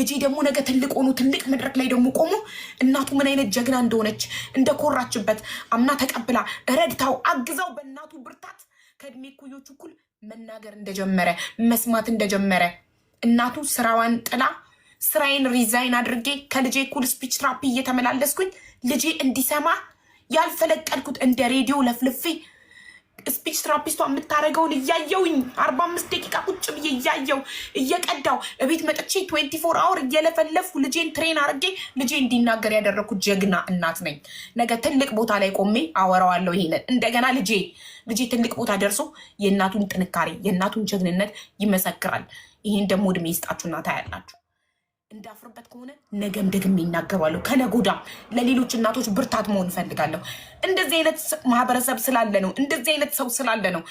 ልጄ ደግሞ ነገ ትልቅ ሆኖ ትልቅ መድረክ ላይ ደግሞ ቆሞ እናቱ ምን አይነት ጀግና እንደሆነች እንደኮራችበት አምና ተቀብላ ረድታው አግዛው በእናቱ ብርታት ከእድሜ እኩዮቹ እኩል መናገር እንደጀመረ መስማት እንደጀመረ እናቱ ስራዋን ጥላ ስራዬን ሪዛይን አድርጌ ከልጄ እኩል ስፒች ትራፒ እየተመላለስኩኝ ልጄ እንዲሰማ ያልፈለቀልኩት እንደ ሬዲዮ ለፍልፌ ስፒች ትራፒስቷ የምታደርገውን እያየውኝ አርባ አምስት ደቂቃ ቁጭ ብዬ እያየው እየቀዳው እቤት መጠቼ ትዌንቲ ፎር አወር እየለፈለፍኩ ልጄን ትሬን አድርጌ ልጄ እንዲናገር ያደረግኩት ጀግና እናት ነኝ። ነገ ትልቅ ቦታ ላይ ቆሜ አወራዋለሁ። ይሄንን እንደገና ልጄ ልጄ ትልቅ ቦታ ደርሶ የእናቱን ጥንካሬ የእናቱን ጀግንነት ይመሰክራል። ይህን ደግሞ እድሜ ይስጣችሁና ታያላችሁ። እንዳፍርበት ከሆነ ነገም ደግሜ ይናገራለሁ። ከነጎዳ ለሌሎች እናቶች ብርታት መሆን እፈልጋለሁ። እንደዚህ አይነት ማህበረሰብ ስላለ ነው፣ እንደዚህ አይነት ሰው ስላለ ነው።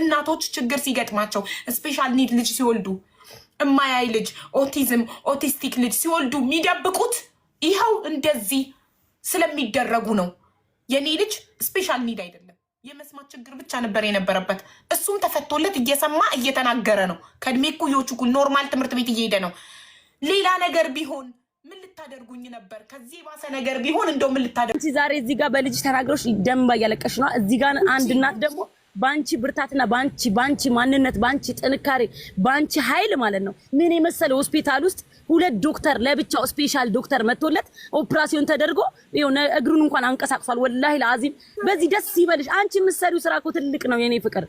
እናቶች ችግር ሲገጥማቸው ስፔሻል ኒድ ልጅ ሲወልዱ፣ እማያይ ልጅ፣ ኦቲዝም ኦቲስቲክ ልጅ ሲወልዱ የሚደብቁት ይኸው እንደዚህ ስለሚደረጉ ነው። የኔ ልጅ ስፔሻል ኒድ አይደለም፣ የመስማት ችግር ብቻ ነበር የነበረበት። እሱም ተፈቶለት እየሰማ እየተናገረ ነው። ከእድሜ እኩዮቹ ኩል ኖርማል ትምህርት ቤት እየሄደ ነው። ሌላ ነገር ቢሆን ምን ልታደርጉኝ ነበር? ከዚህ የባሰ ነገር ቢሆን እንደው ምን ልታደርጉ ዛሬ እዚህ ጋር በልጅ ተናግረሽ ደንባ እያለቀሽ ነው። እዚህ ጋር አንድ እናት ደግሞ በአንቺ ብርታትና በአንቺ በአንቺ ማንነት በአንቺ ጥንካሬ በአንቺ ኃይል ማለት ነው ምን የመሰለ ሆስፒታል ውስጥ ሁለት ዶክተር ለብቻው ስፔሻል ዶክተር መጥቶለት ኦፕራሲዮን ተደርጎ እግሩን እንኳን አንቀሳቅሷል። ወላሂ ለአዚም በዚህ ደስ ይበልሽ። አንቺ የምትሰሪው ስራ እኮ ትልቅ ነው የኔ ፍቅር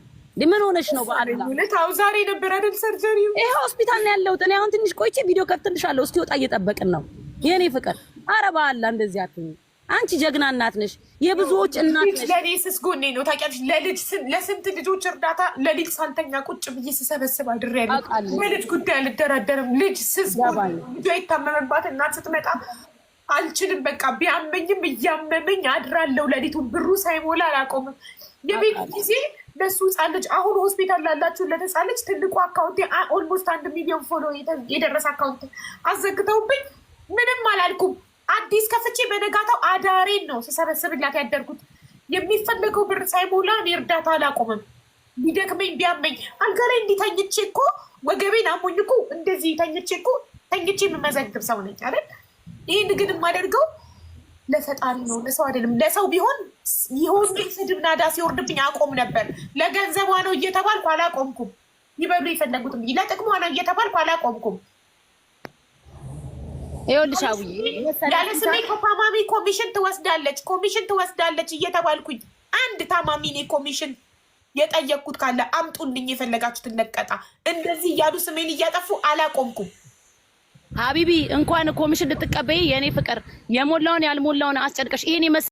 ምን ሆነሽ ነው? በአላሁ ዛሬ ነበር አይደል ሰርጀሪ? ይሄ ሆስፒታል ነው ያለሁት እኔ። አሁን ትንሽ ቆይቼ ቪዲዮ ከፍትልሻለሁ። እስቲ ወጣ እየጠበቅን ነው የእኔ ፍቅር። አረ በአላ እንደዚህ አትሁኝ። አንቺ ጀግና እናት ነሽ፣ የብዙዎች እናት ነሽ። ለእኔ ስስ ጎኔ ነው ታውቂያለሽ። ለልጅ ለስንት ልጆች እርዳታ ለልጅ ሳልተኛ ቁጭ ብዬ ስሰበስብ አድሬ ያለ በልጅ ጉዳይ አልደራደርም። ልጅ ስስ ልጇ የታመመባት እናት ስትመጣ አልችልም። በቃ ቢያመኝም እያመመኝ አድራለሁ። ለሊቱን ብሩ ሳይሞላ አላቆምም። የቤት ጊዜ ለሱ ህፃን ልጅ አሁን ሆስፒታል ላላችሁለት ህፃን ልጅ ትልቁ አካውንት ኦልሞስት አንድ ሚሊዮን ፎሎ የደረሰ አካውንት አዘግተውብኝ ምንም አላልኩም። አዲስ ከፍቼ በነጋታው አዳሬን ነው ስሰበስብላት ያደርጉት። የሚፈለገው ብር ሳይሞላ እኔ እርዳታ አላቆምም። ቢደክመኝ ቢያመኝ አልጋ ላይ እንዲተኝቼ እኮ ወገቤን አሞኝ እኮ እንደዚህ ተኝቼ እኮ ተኝቼ የምመዘግብ ሰው ነኝ አይደል? ይህን ግን የማደርገው ለፈጣሪ ነው፣ ለሰው አይደለም። ለሰው ቢሆን ይሆን ስድብ ናዳ ሲወርድብኝ አቆም ነበር። ለገንዘቧ ነው እየተባልኩ አላቆምኩም። ይበሉ የፈለጉትም ለጥቅሟ ነው እየተባልኩ አላቆምኩም። ይኸውልሽ ያለ ስሜ ከታማሚ ኮሚሽን ትወስዳለች ኮሚሽን ትወስዳለች እየተባልኩኝ አንድ ታማሚ እኔ ኮሚሽን የጠየቅኩት ካለ አምጡልኝ፣ የፈለጋችሁትን ነቀጣ። እንደዚህ እያሉ ስሜን እያጠፉ አላቆምኩም። ሀቢቢ እንኳን ኮሚሽን ልትቀበይ የኔ ፍቅር የሞላውን ያልሞላውን አስጨንቀሽ ይሄን